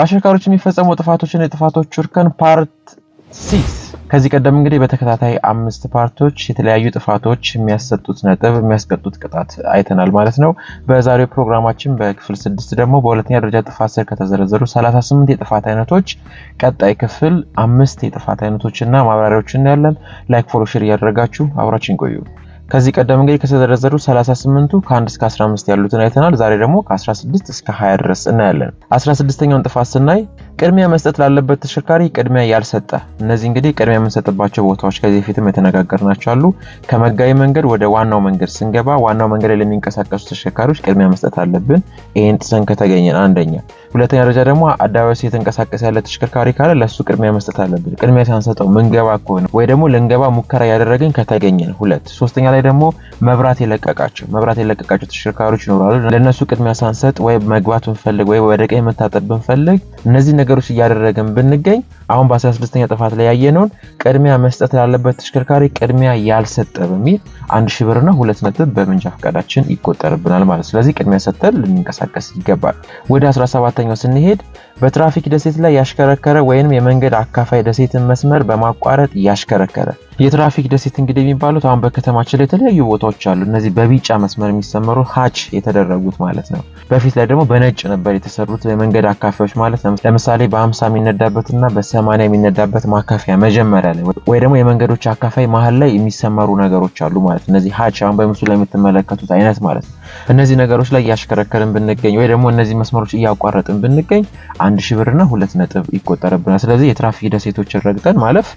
በአሽከርካሪዎች የሚፈጸሙ ጥፋቶችና የጥፋቶች እርከን ፓርት ሲክስ ከዚህ ቀደም እንግዲህ በተከታታይ አምስት ፓርቶች የተለያዩ ጥፋቶች የሚያሰጡት ነጥብ የሚያስቀጡት ቅጣት አይተናል ማለት ነው። በዛሬው ፕሮግራማችን በክፍል ስድስት ደግሞ በሁለተኛ ደረጃ ጥፋት ስር ከተዘረዘሩ 38 የጥፋት አይነቶች ቀጣይ ክፍል አምስት የጥፋት አይነቶችና ማብራሪያዎችን ያለን ላይክ ፎሎ ሼር እያደረጋችሁ አብራችን ቆዩ። ከዚህ ቀደም እንግዲህ ከተዘረዘሩ 38ቱ ከ1 እስከ 15 ያሉትን አይተናል። ዛሬ ደግሞ ከ16 እስከ 20 ድረስ እናያለን። 16ኛውን ጥፋት ስናይ ቅድሚያ መስጠት ላለበት ተሽከርካሪ ቅድሚያ ያልሰጠ፣ እነዚህ እንግዲህ ቅድሚያ የምንሰጥባቸው ቦታዎች ከዚህ በፊትም የተነጋገርናቸው አሉ። ከመጋቢ መንገድ ወደ ዋናው መንገድ ስንገባ ዋናው መንገድ ላይ ለሚንቀሳቀሱ ተሽከርካሪዎች ቅድሚያ መስጠት አለብን። ይህን ጥሰን ከተገኘን አንደኛ። ሁለተኛ ደረጃ ደግሞ አደባባይ የተንቀሳቀሰ ያለ ተሽከርካሪ ካለ ለሱ ቅድሚያ መስጠት አለብን። ቅድሚያ ሳንሰጠው ምንገባ ከሆነ ወይ ደግሞ ልንገባ ሙከራ ያደረግን ከተገኘን ሁለት። ሶስተኛ ላይ ደግሞ መብራት የለቀቃቸው መብራት የለቀቃቸው ተሽከርካሪዎች ይኖራሉ። ለእነሱ ቅድሚያ ሳንሰጥ ወይ መግባት ብንፈልግ ወይ ወደ ቀኝ ብንፈልግ እነዚህ ነገሮች እያደረግን ብንገኝ አሁን በ16ኛ ጥፋት ላይ ያየነውን ቅድሚያ መስጠት ላለበት ተሽከርካሪ ቅድሚያ ያልሰጠ በሚል አንድ ሺህ ብርና ሁለት ነጥብ በመንጃ ፈቃዳችን ይቆጠርብናል ማለት ስለዚህ ቅድሚያ ሰጥተን ልንንቀሳቀስ ይገባል። ወደ 17ኛው ስንሄድ በትራፊክ ደሴት ላይ ያሽከረከረ ወይንም የመንገድ አካፋይ ደሴትን መስመር በማቋረጥ ያሽከረከረ። የትራፊክ ደሴት እንግዲህ የሚባሉት አሁን በከተማችን ላይ የተለያዩ ቦታዎች አሉ። እነዚህ በቢጫ መስመር የሚሰመሩ ሀች የተደረጉት ማለት ነው። በፊት ላይ ደግሞ በነጭ ነበር የተሰሩት የመንገድ አካፋዮች ማለት ነው። ለምሳሌ በ50 የሚነዳበትና በ80 የሚነዳበት ማካፊያ መጀመሪያ ላይ ወይ ደግሞ የመንገዶች አካፋይ መሀል ላይ የሚሰመሩ ነገሮች አሉ ማለት ነው። እነዚህ ሀች አሁን በምስሉ ላይ የምትመለከቱት አይነት ማለት ነው። እነዚህ ነገሮች ላይ እያሽከረከርን ብንገኝ ወይ ደግሞ እነዚህ መስመሮች እያቋረጥን ብንገኝ አንድ ሺህ ብርና ሁለት ነጥብ ይቆጠርብናል። ስለዚህ የትራፊክ ደሴቶችን ረግጠን ማለፍ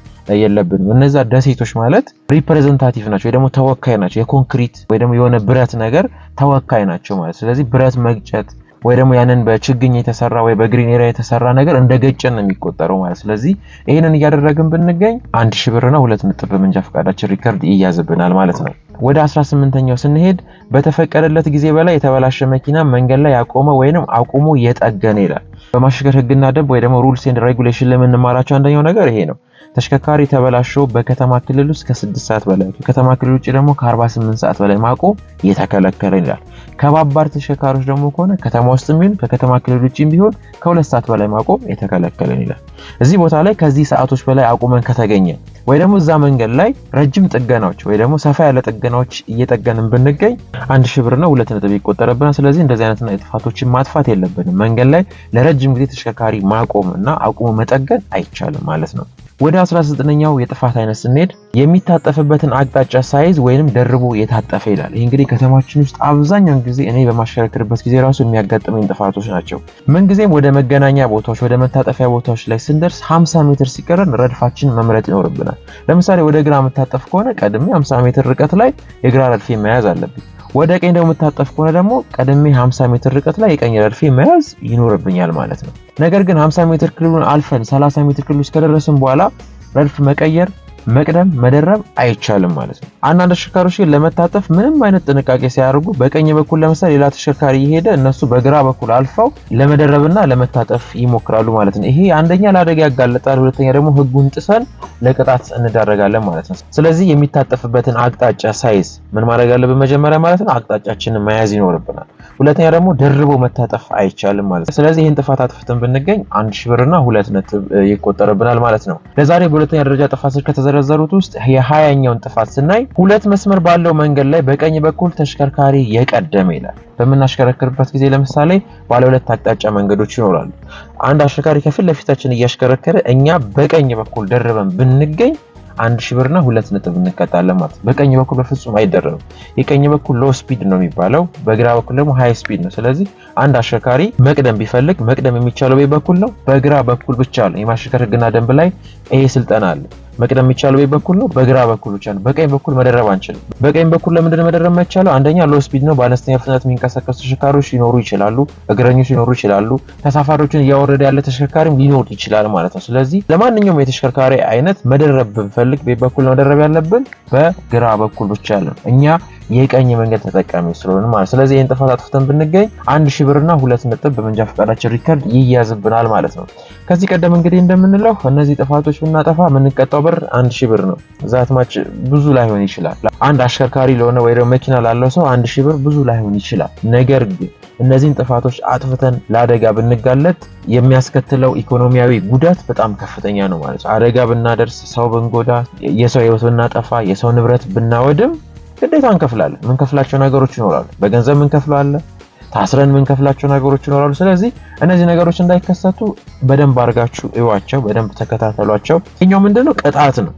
የለብንም። እነዛ ደሴቶች ማለት ሪፕሬዘንታቲቭ ናቸው ወይ ደግሞ ተወካይ ናቸው። የኮንክሪት ወይ ደግሞ የሆነ ብረት ነገር ተወካይ ናቸው ማለት። ስለዚህ ብረት መግጨት ወይ ደግሞ ያንን በችግኝ የተሰራ ወይ በግሪን ኤሪያ የተሰራ ነገር እንደ ገጨን ነው የሚቆጠረው ማለት። ስለዚህ ይህንን እያደረግን ብንገኝ አንድ ሺህ ብርና ሁለት ነጥብ በመንጃ ፈቃዳችን ሪከርድ ይያዝብናል ማለት ነው። ወደ 18ኛው ስንሄድ በተፈቀደለት ጊዜ በላይ የተበላሸ መኪና መንገድ ላይ ያቆመ ወይንም አቁሞ የጠገነ ይላል። በማሽከር ህግና ደንብ ወይ ደግሞ ሩልስ ኤንድ ሬጉሌሽን ለምንማራቸው አንደኛው ነገር ይሄ ነው። ተሽከርካሪ ተበላሽቶ በከተማ ክልል ውስጥ ከስድስት ሰዓት በላይ ከከተማ ክልል ውጭ ደግሞ ከ48 ሰዓት በላይ ማቆም የተከለከለ ይላል። ከባባድ ተሽከርካሪዎች ደግሞ ከሆነ ከተማ ውስጥ ቢሆን ከከተማ ክልል ውጭ ቢሆን ከሁለት ሰዓት በላይ ማቆም የተከለከለ ይላል። እዚህ ቦታ ላይ ከዚህ ሰዓቶች በላይ አቁመን ከተገኘ ወይ ደግሞ እዛ መንገድ ላይ ረጅም ጥገናዎች ወይ ደግሞ ሰፋ ያለ ጥገናዎች እየጠገንን ብንገኝ አንድ ሺህ ብር ነው ሁለት ነጥብ ይቆጠረብናል። ስለዚህ እንደዚህ አይነት የጥፋቶችን ማጥፋት የለብንም። መንገድ ላይ ለረጅም ጊዜ ተሽከርካሪ ማቆም እና አቁሞ መጠገን አይቻልም ማለት ነው። ወደ 19ኛው የጥፋት አይነት ስንሄድ የሚታጠፍበትን አቅጣጫ ሳይዝ ወይንም ደርቦ የታጠፈ ይላል። ይህ እንግዲህ ከተማችን ውስጥ አብዛኛውን ጊዜ እኔ በማሽከረክርበት ጊዜ ራሱ የሚያጋጥመኝ ጥፋቶች ናቸው። ምንጊዜም ወደ መገናኛ ቦታዎች፣ ወደ መታጠፊያ ቦታዎች ላይ ስንደርስ 50 ሜትር ሲቀረን ረድፋችን መምረጥ ይኖርብናል። ለምሳሌ ወደ ግራ የምታጠፍ ከሆነ ቀድሜ 50 ሜትር ርቀት ላይ የግራ ረድፌ መያዝ አለብኝ። ወደ ቀኝ ደግሞ የምታጠፍ ከሆነ ደግሞ ቀድሜ 50 ሜትር ርቀት ላይ የቀኝ ረድፌ መያዝ ይኖርብኛል ማለት ነው። ነገር ግን 50 ሜትር ክልሉን አልፈን 30 ሜትር ክልሉ እስከደረስን በኋላ ረድፍ መቀየር መቅደም መደረብ አይቻልም ማለት ነው። አንዳንድ ተሽከርካሪዎች ግን ለመታጠፍ ምንም አይነት ጥንቃቄ ሳያደርጉ በቀኝ በኩል ለምሳሌ ሌላ ተሽከርካሪ እየሄደ እነሱ በግራ በኩል አልፈው ለመደረብና ለመታጠፍ ይሞክራሉ ማለት ነው። ይሄ አንደኛ ለአደጋ ያጋለጣል፣ ሁለተኛ ደግሞ ህጉን ጥሰን ለቅጣት እንዳረጋለን ማለት ነው። ስለዚህ የሚታጠፍበትን አቅጣጫ ሳይዝ ምን ማድረግ አለብን? መጀመሪያ ማለት ነው አቅጣጫችንን መያዝ ይኖርብናል። ሁለተኛ ደግሞ ደርቦ መታጠፍ አይቻልም ማለት ነው። ስለዚህ ይህን ጥፋት አጥፍተን ብንገኝ አንድ ሺ ብርና ሁለት ነጥብ ይቆጠርብናል ማለት ነው። ለዛሬ በሁለተኛ ደረጃ ጥፋት ከተዘ ከተዘረዘሩት ውስጥ የሀያኛውን ጥፋት ስናይ ሁለት መስመር ባለው መንገድ ላይ በቀኝ በኩል ተሽከርካሪ የቀደመ ይላል። በምናሽከረክርበት ጊዜ ለምሳሌ ባለ ሁለት አቅጣጫ መንገዶች ይኖራሉ። አንድ አሽከርካሪ ከፊት ለፊታችን እያሽከረከረ እኛ በቀኝ በኩል ደርበን ብንገኝ አንድ ሺ ብርና ሁለት ነጥብ እንቀጣለን ማለት ነው። በቀኝ በኩል በፍጹም አይደረግም። የቀኝ በኩል ሎ ስፒድ ነው የሚባለው፣ በግራ በኩል ደግሞ ሀይ ስፒድ ነው። ስለዚህ አንድ አሽከርካሪ መቅደም ቢፈልግ መቅደም የሚቻለው በኩል ነው፣ በግራ በኩል ብቻ ነው። የማሽከርከር ሕግና ደንብ ላይ ይሄ ስልጠና አለ። መቅደም የሚቻለው በኩል ነው፣ በግራ በኩል ብቻ ነው። በቀኝ በኩል መደረብ አንችልም። በቀኝ በኩል ለምንድን መደረብ የማይቻለው? አንደኛ ሎ ስፒድ ነው። በአነስተኛ ፍጥነት የሚንቀሳቀሱ ተሽከርካሪዎች ሊኖሩ ይችላሉ፣ እግረኞች ሊኖሩ ይችላሉ። ተሳፋሪዎችን እያወረደ ያለ ተሽከርካሪም ሊኖር ይችላል ማለት ነው። ስለዚህ ለማንኛውም የተሽከርካሪ አይነት መደረብ ብንፈልግ በኩል መደረብ ያለብን በግራ በኩል ብቻ ነው እኛ የቀኝ መንገድ ተጠቃሚ ስለሆነ ማለት ስለዚህ ይህን ጥፋት አጥፍተን ብንገኝ አንድ ሺህ ብርና ሁለት ነጥብ በመንጃ ፈቃዳችን ሪከርድ ይያዝብናል ማለት ነው። ከዚህ ቀደም እንግዲህ እንደምንለው እነዚህ ጥፋቶች ብናጠፋ የምንቀጣው ብር አንድ ሺህ ብር ነው። ዛትማች ብዙ ላይሆን ይችላል። አንድ አሽከርካሪ ለሆነ ወይ ደግሞ መኪና ላለው ሰው አንድ ሺህ ብር ብዙ ላይሆን ይችላል። ነገር ግን እነዚህን ጥፋቶች አጥፍተን ለአደጋ ብንጋለጥ የሚያስከትለው ኢኮኖሚያዊ ጉዳት በጣም ከፍተኛ ነው ማለት ነው። አደጋ ብናደርስ፣ ሰው ብንጎዳ፣ የሰው ህይወት ብናጠፋ፣ የሰው ንብረት ብናወድም ግዴታ እንከፍላለን። የምንከፍላቸው ነገሮች ይኖራሉ። በገንዘብ የምንከፍለው አለ፣ ታስረን የምንከፍላቸው ነገሮች ይኖራሉ። ስለዚህ እነዚህ ነገሮች እንዳይከሰቱ በደንብ አድርጋችሁ እዩዋቸው፣ በደንብ ተከታተሏቸው። ይኛው ምንድነው ቅጣት ነው።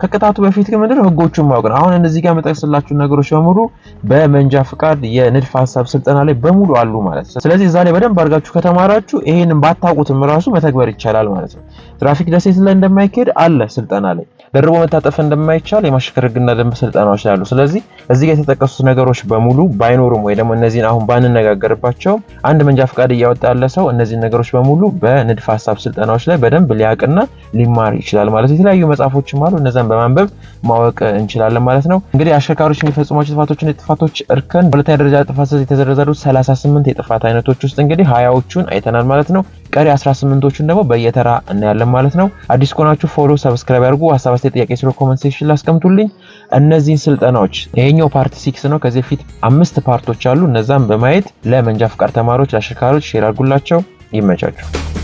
ከቅጣቱ በፊት ግን ምንድነው ህጎቹን ማወቅ ነው። አሁን እነዚህ ጋር መጠቅስላችሁ ነገሮች በሙሉ በመንጃ ፍቃድ የንድፍ ሀሳብ ስልጠና ላይ በሙሉ አሉ ማለት ነው። ስለዚህ እዛ ላይ በደንብ አድርጋችሁ ከተማራችሁ ይሄንን ባታውቁትም ራሱ መተግበር ይቻላል ማለት ነው። ትራፊክ ደሴት ላይ እንደማይካሄድ አለ ስልጠና ላይ ደርቦ መታጠፍ እንደማይቻል የማሽከር ህግና ደንብ ስልጠናዎች አሉ። ስለዚህ እዚህ ጋር የተጠቀሱት ነገሮች በሙሉ ባይኖሩም ወይ ደግሞ እነዚህን አሁን ባንነጋገርባቸው አንድ መንጃ ፍቃድ እያወጣ ያለ ሰው እነዚህን ነገሮች በሙሉ በንድፍ ሀሳብ ስልጠናዎች ላይ በደንብ ሊያውቅና ሊማር ይችላል ማለት የተለያዩ መጽሐፎችም አሉ እነዛን በማንበብ ማወቅ እንችላለን ማለት ነው። እንግዲህ አሽከርካሪዎች የሚፈጽሟቸው ጥፋቶችን የጥፋቶች እርከን በሁለተኛ ደረጃ ጥፋት ስር የተዘረዘሩት 38 የጥፋት አይነቶች ውስጥ እንግዲህ ሀያዎቹን አይተናል ማለት ነው። ቀሪ 18ዎቹን ደግሞ በየተራ እናያለን ማለት ነው። አዲስ ከሆናችሁ ፎሎ፣ ሰብስክራይብ ያርጉ። ሀሳብ አስተያየት፣ ጥያቄ ስሮ ኮመንት ሴክሽን ላስቀምጡልኝ። እነዚህን ስልጠናዎች ይሄኛው ፓርት ሲክስ ነው። ከዚህ በፊት አምስት ፓርቶች አሉ። እነዛም በማየት ለመንጃ ፍቃድ ተማሪዎች፣ ለአሽከርካሪዎች ሼር አርጉላቸው። ይመቻችሁ።